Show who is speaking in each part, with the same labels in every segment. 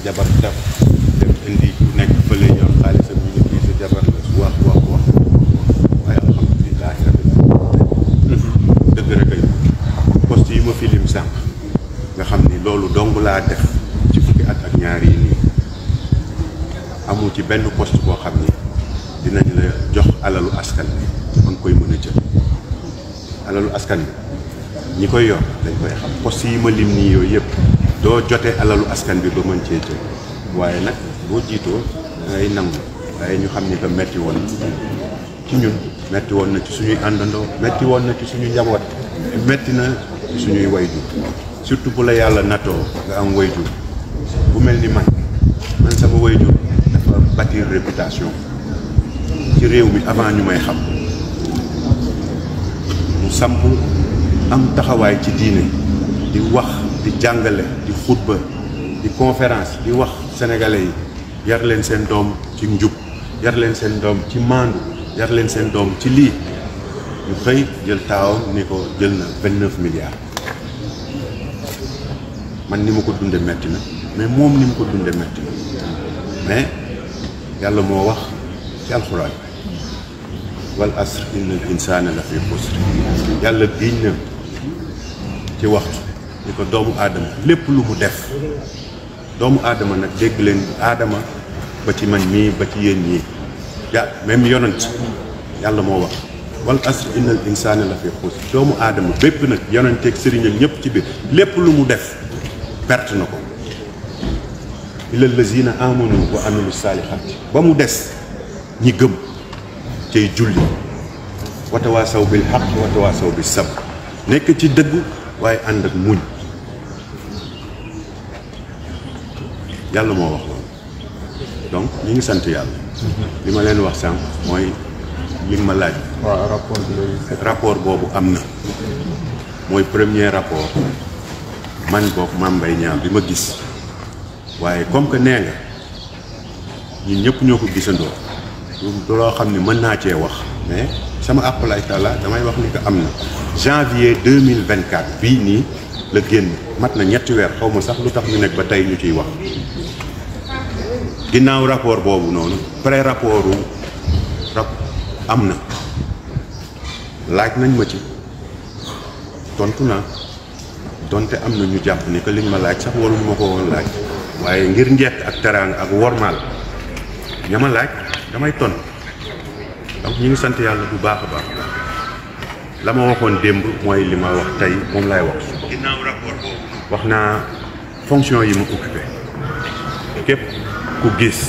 Speaker 1: jabar def dem indi ku nekk fële yor xaalisam ñu ne kii sa jabar la wax wax wax waaye alhamdulilah rabbil ya. mhm. alamin dëgg rek ay poste yi ma fi lim sànq nga xam ni dong laa def ci fukki at ak ñaar yi nii amul ci benn poste boo xam dinañ la jox alalu askan bi ba nga koy mën jël alalu askan bi ñi koy yor dañ koy xam poste yi ma lim nii yooyu yëpp doo jotee alalu askan bi ba mën cee jël waaye nag boo jiitoo da ngay nangu waaye ñu xam ni que metti woon ci ñun metti woon na ci suñuy àndandoo metti woon na ci suñu njaboot metti na ci suñuy wayjur surtout bu la yàlla nattoo nga am wayjur bu mel ni man man sama wayjur dafa bâtir réputation ci réew mi avant ñu may xam mu samp am taxawaay ci diine di wax di jàngale di xutba di conférence di wax sénégalais yi yar leen seen doom ci njub yar seen doom ci maandu yar leen seen doom ci lii ñu xëy jël taawam ni ko jël na vingt neuf man ni ma ko dunde metti na mais moom ni mu ko dunde metti na mais yàlla moo wax ci wall wal asr innal insaana la fi xusr yàlla giñ na ci waxtu ni ko doomu aadama lépp lu mu def doomu aadama nag dégg leen aadama ba ci man mii ba ci yéen ñii ya même yonent yàlla moo wax wal asr innal insaana la fi xuus doomu aadama bépp nag yonenteeg sëriñam ñëpp ci biir lépp lu mu def perte na ko illa lazina amanu wa amilu saalihaati ba mu des ñi gëm cay julli watawaasaw bil xaq watawaasaw bi sabr nekk ci dëgg waaye ànd ak muñ yàlla moo wax loolu donc ñu ngi sant yàlla mhm. li ma leen wax sànq mooy li ma laaj rapport boobu am na mooy premier rapport man boog Mame Mbaye Niang bi ma gis waaye comme que nee nga ñun ñëpp ñoo ko gisandoo du xam ne mën naa cee wax mais sama àppalaay taala damay wax ni ko am na janvier 2024 bii nii la génn mat na ñetti weer xaw sax lu tax ñu nekk ba tey ñu ciy wax ginnaaw rapport boobu noonu pare rapport wu rap am na laaj nañ ma ci tontu naa donte am na ñu jàpp ni que liñ ma laaj sax waruñ ma ko woon laaj waaye ngir njëkk ak teraanga ak wormaal ñama laaj damay ton donc ñu ngi sant yàlla bu baax a baax la ma waxoon démb mooy li ma wax tey moom laay wax. wax naa fonction yi ma occupé képp ku gis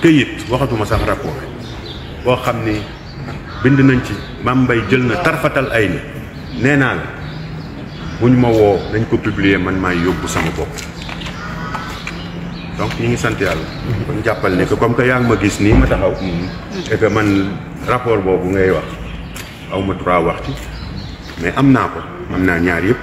Speaker 1: këyit waxatuma sax rapport boo xam ni bind nañ ci Mame Mbaye jël na tarfatal ay ni nee naa la bu ñu ma woo dañ ko publier man maay yóbbu sama bopp donc ñu ngi sant yàlla kon jàppal ne que comme que yaa ngi ma gis nii ma taxaw mhm. et que man rapport boobu ngay wax aw trois wax mais am naa ko am naa ñaar yëpp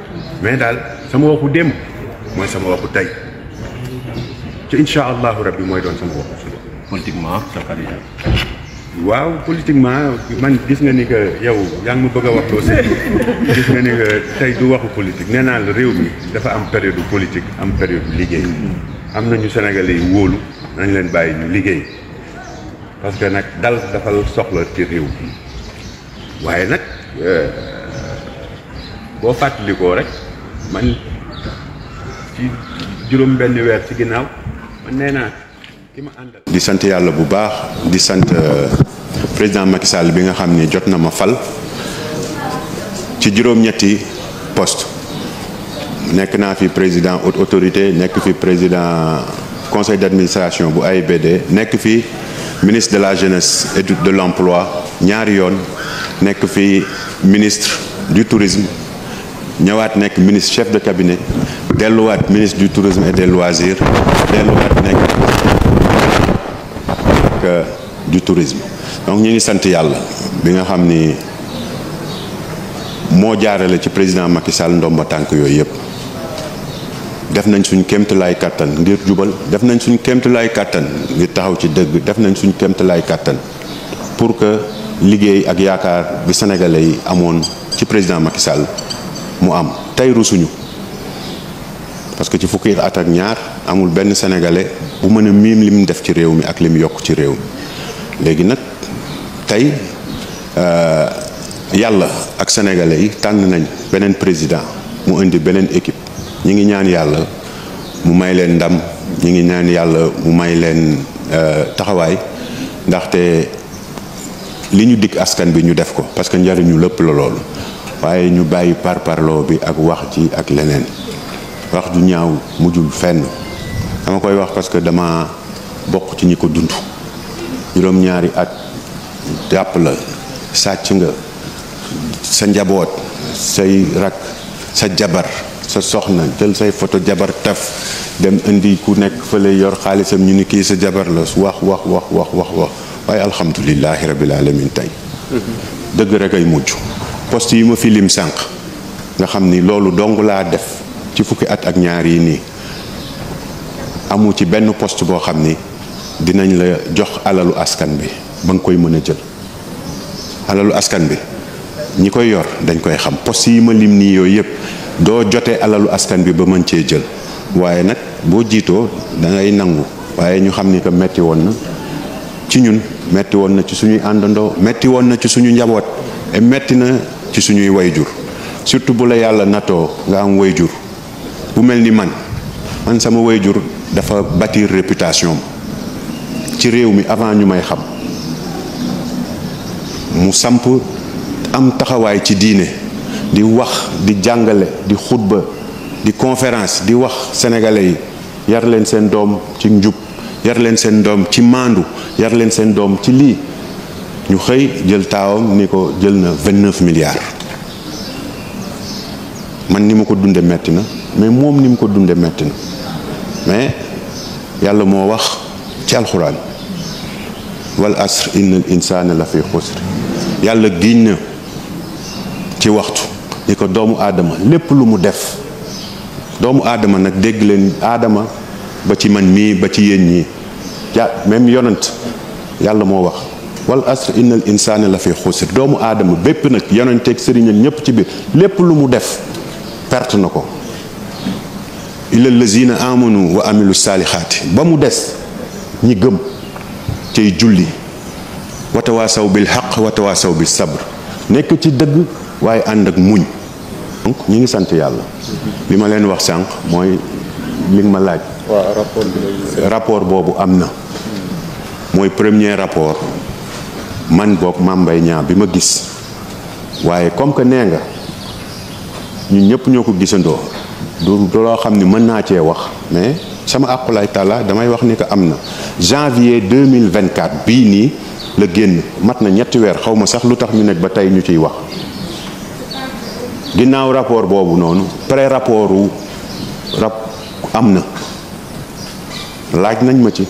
Speaker 1: mais daal sama waxu démb mooy sama waxu tey ci incha allahu rabbi mooy doon sama waxu suba. politiquement sa candidat. waaw politiquement man gis nga ni que yow yaa ngi ma bëgg a wax loo sëñ gis nga ni que tey du waxu politique nee naa la réew mi dafa am période politique am période liggéey am nañu sénégalais yi wóolu nañ leen bàyyi ñu liggéey parce que nag dal dafa soxla ci réew bi waaye nag. Euh, boo fàttalikoo rek man ci juróom benn weer ci ginnaaw man nee naa ki di sante yalla bu baax di sante euh, président Macky Sall bi nga xamni ni ma fal ci juróom-ñetti poste nek na fi président haute autorité nek fi président conseil d'administration bu AIBD nek fi ministre de la jeunesse et de l'emploi ñaar yoon nek fi ministre du tourisme. ñëwaat nekk ministre chef de cabinet delluwaat ministre du tourisme et des loisirs delluwaat nekk euh, du tourisme donc ñu ngi sant yàlla bi nga xam ni moo jaarale ci président Macky Sall ndomba tànk yooyu yëpp def nañ suñ kéemtalaay kàttan ngir jubal def nañ suñ kéemtalaay kàttan ngir taxaw ci dëgg def nañ suñ kéemtalaay kàttan pour que liggéey ak yaakaar bi sénégalais yi amoon ci président Macky mu am tey rusuñu parce que ci fukki at ak ñaar amul benn sénégalais bu mën a miim lim def ci réew mi ak lim yokk ci réew mi léegi nag tey euh, yàlla ak sénégalais yi tànn nañ beneen président mu indi beneen équipe ñi ngi ñaan yàlla mu may leen ndam ñi ngi ñaan yàlla mu may leen euh, taxawaay ndaxte li ñu dikk askan bi ñu def ko parce que njariñu lépp la loolu waaye ñu bàyyi parparloo bi ak wax ji ak leneen wax ju ñaaw mujjul fenn dama koy wax parce que dama bokk ci ñi ko dund juróom-ñaari at jàpp la sàcc nga sa njaboot say rak sa jabar sa soxna jël say photo jabar taf dem indi ku nekk fële yor xaalisam ñu ni kii sa jabar la wax wax wax wax wax wax waaye alhamdulilahi rabil alamin tey mhm. dëgg rek ay mujj post yi ma fi lim sànq nga xam ni loolu dong laa def ci fukki at ak ñaar yi nii amu ci benn poste boo xam ni dinañ la jox alalu askan bi ba nga koy mën a jël alalu askan bi ñi koy yor dañ koy xam post yi ma lim nii yooyu yëpp doo jotee alalu askan bi ba mën cee jël waaye nag boo jiitoo da nangu waaye ñu xam ni que metti woon na ci ñun metti woon na ci suñuy àndandoo metti woon na ci suñu njaboot metti na ci suñuy wayjur surtout bu la yàlla natoo nga am wayjur bu mel ni man man sama wayjur dafa bâtir réputation ci réew mi avant ñu may xam mu samp am taxawaay ci diine di wax di jàngale di xutba di conférence di wax sénégalais yi yar leen seen doom ci njub yar leen seen doom ci maandu yar leen seen doom ci lii ñu xëy jël taawam ni ko jël na vingt neuf milliards man ni ma ko dunde metti na mais moom ni mu ko dunde metti na mais yàlla moo wax ci alxuraan wal asr innal insaana la fi xusr yàlla giñ na ci waxtu ni ko doomu aadama lépp lu mu def doomu aadama nag dégg leen aadama ba ci man mii ba ci yéen ñii ja même yonant yàlla moo wax والاسر ان الانسان لفي خسر دوم ادم بيب نك يونتك سيرين نيب تي بير ليب لومو ديف بيرت نكو الا الذين امنوا وعملوا الصالحات بامو ديس ني گم تي جولي وتواصوا بالحق وتواصوا بالصبر نيك تي دغ واي اندك موني دونك ني ني سانت يالا بما لين واخ سانك موي ليغ ما لاج وا رابور بوبو امنا موي بروميير رابور man boog Mame Mbaye bi ma gis waaye comme que nee nga ñu ñëpp ñoo ko gisandoo du loo xam ni mën naa cee wax mais sama àqulaay tàlla damay wax ni que am na janvier 2024 bii nii la génn mat na ñetti weer xaw ma sax lu tax ñu nekk ba tey ñu ciy wax ginnaaw rapport boobu noonu pré rapport wu rap am na laaj nañ ma ci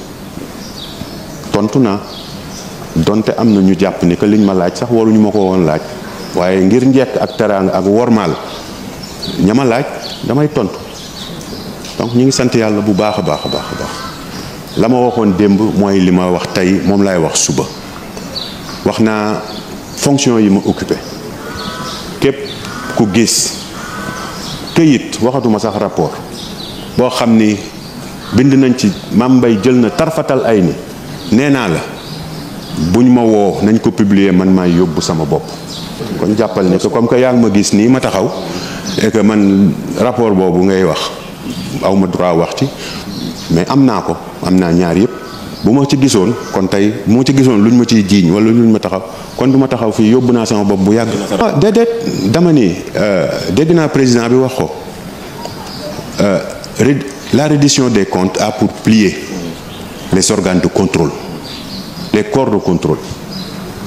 Speaker 1: tontu naa donte am na ñu jàpp ni que liñ ma laaj sax waruñu ma ko woon laaj waaye ngir njekk ak teraanga ak wormaal ñama laaj damay tontu donc ñu ngi sant yàlla bu baax a baax a baax a la ma waxoon démb mooy li ma wax tey moom laay wax suba wax naa fonction yi ma occupé képp ku gis këyit waxatuma sax rapport boo xam ni bind nañ ci maam mbay jël na tarfatal ay ni nee naa la buñ ma woo nañ ko publier man maay yóbbu sama bopp kon jàppal ni que comme que yaa ma gis nii ma taxaw et que man rapport boobu ngay wax aw ma droit wax ci mais am naa ko am naa ñaar yëpp bu ma ci gisoon kon tey bu ma ci gisoon lu ñu ma ciy jiiñ wala luñ ma taxaw kon du ma taxaw fii yóbbu naa sama bopp bu yàgg. ah déedéet dama ni euh, dégg naa président bi wax ko euh, la reddition des comptes a pour plier les organes de contrôle. les corps de contrôle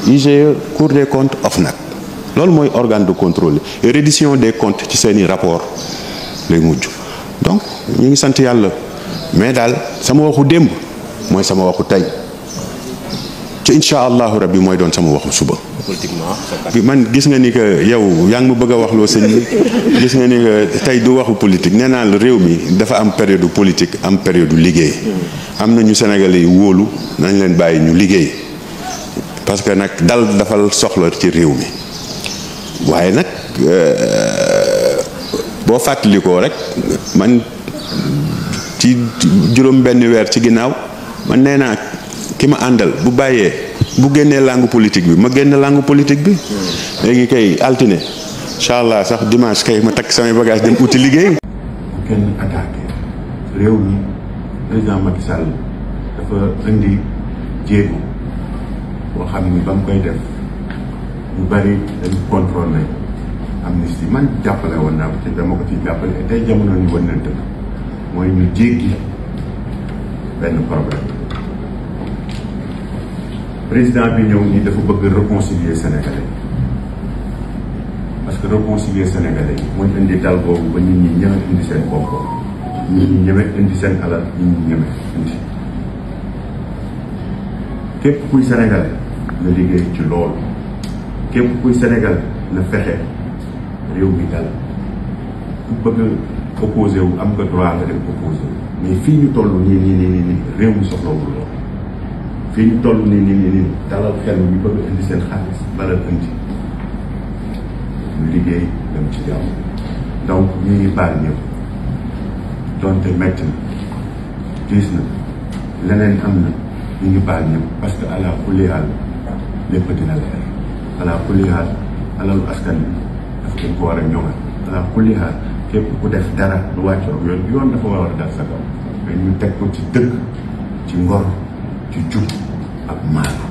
Speaker 1: IGE Cour contre comptes nag loolu mooy organe de contrôle et reddition des comptes ci seeni rapport lay mujj donc ñu ngi sant yàlla mais daal sama waxu démb mooy sama waxu tey ci incha allahu bi mooy doon sama waxu suba. politiquement man gis nga ni que yow yaa ngi ma bëgg a wax loo sëñ gis nga ni que tey du waxu politique nee naa la réew mi dafa am période politique am période liggéey. am na ñu Sénégalais yi wóolu nañ leen bàyyi ñu liggéey parce que nag dal dafa soxla ci réew mi waaye nag euh, boo fàttalikoo rek man ci juróom benn weer ci ginnaaw man nee naa. kima ma bu baye bu génnee langue politique bi ma génn langue politique bi légui kay altiné inshallah sax dimanche kay ma tak sama bagage dem outil liggéey. kenn attaqué rew ni président Macky Sall dafa indi jéego bo xamni ni koy def bu bari dañ contrôlé amnistie man jappalé won na ci dama ko ci jappalé tay jamono na wëndante moy ñu djéggi ben problème. président bi ñëw nii dafa bëgg réconcilier sénégalais parce que réconcilier sénégalais mooy indi dal boobu ba nit ñi ñeme indi seen bopp nit ñi ñeme indi seen alal nit ñi indi képp kuy sénégalais na liggéey ci loolu képp kuy sénégalais na fexe réew mi dal ku bëgg opposé am nga droit nga dem opposé mais fii ñu toll nii nii nii réew mi soxlawul loolu fii ñu toll nii nii nii dalal xel ñu bëgg indi seen xaalis balal indi ñu liggéey dem ci jàmm donc ñu ngi baal ñëpp donte métti na diis na leneen am na ñu ngi baal ñëpp parce que ala kulli haal lépp dina leer ala kulli alalu askan bi dafa dañ ko war a ñoŋal ala kulli képp ku def dara lu wàccoo yoon yoon dafa war a dal sa kaw mais teg ko ci dëkk ci ngor ci jub ak maandu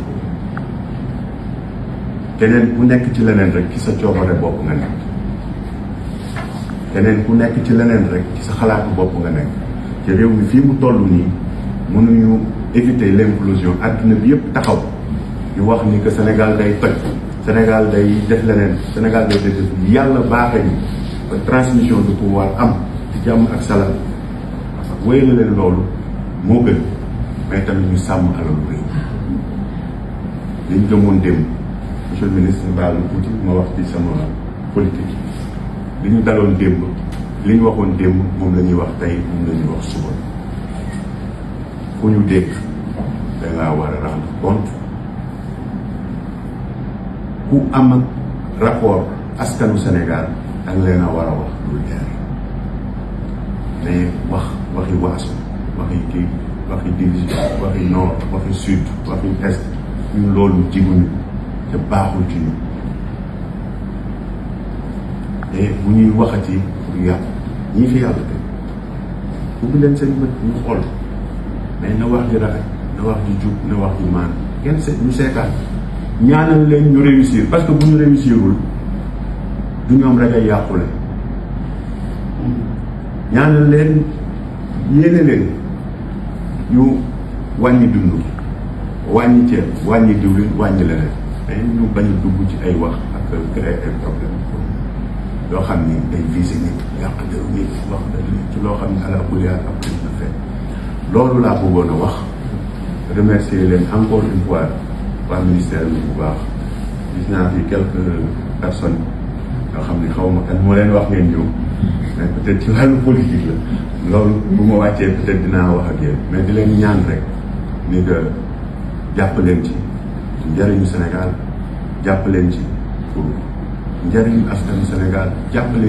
Speaker 1: keneen ku nekk ci leneen rek ci sa coobare bopp nga nekk keneen ku nekk ci leneen rek ci sa xalaatu bopp nga nekk ci réew mi fii mu toll nii mënuñu éviter l'implosion àdduna bi yëpp taxaw di wax ni que Sénégal day toj Sénégal day def leneen Sénégal day def yàlla baaxee ñu ba transmission du pouvoir am ci jàmm ak salaam wéy la leen loolu moo gën mais tamit ñu sàmm alalu réew li ñu gëmoon démb monsieur le ministre baal ma tuuti ma wax ci sama politique li ñu daloon démb li ñu waxoon démb moom la ñuy wax tey moom la ñuy wax suba ku ñu dégg da ngaa war a rendre compte ku am ak rapport askanu Sénégal ak leen a war a wax lu leer mais wax waxi waasu waxi kii waxi division waxi nord waxi sud waxi est ñun loolu jiguñu te baaxul ci ñun te bu ñuy waxati pour yàlla ñii fi yàlla tey ubbi leen seen bët ñu xool mais na wax di rafet na wax di jub na wax di maan kenn se ñu seetaan ñaanal leen ñu réussir parce que bu ñu réussirul du ñoom rek ay yàqule ñaanal leen yéene leen ñu wàññi dund wàññi ceeb wàññi diwlin wàññi leneen mais ñu bañ a dugg ci ay wax ak créer ay problème yoo xam ni day visé nit yàq deru nit wax ci loo xam ne ala kulli haal après na fekk loolu laa bëggoon a wax remercier leen encore une fois waa ministère bi bu baax gis naa fi quelques personnes yoo xam ne xaw ma kan moo leen wax ngeen ñëw mais peut-être ci wàllu politique la loolu bu ma wàccee peut-être dinaa wax ak yéen mais di leen ñaan rek ni que jàppaleen ci njëriñu Sénégal jàppaleen ci njëriñu askan Sénégal jàppaleen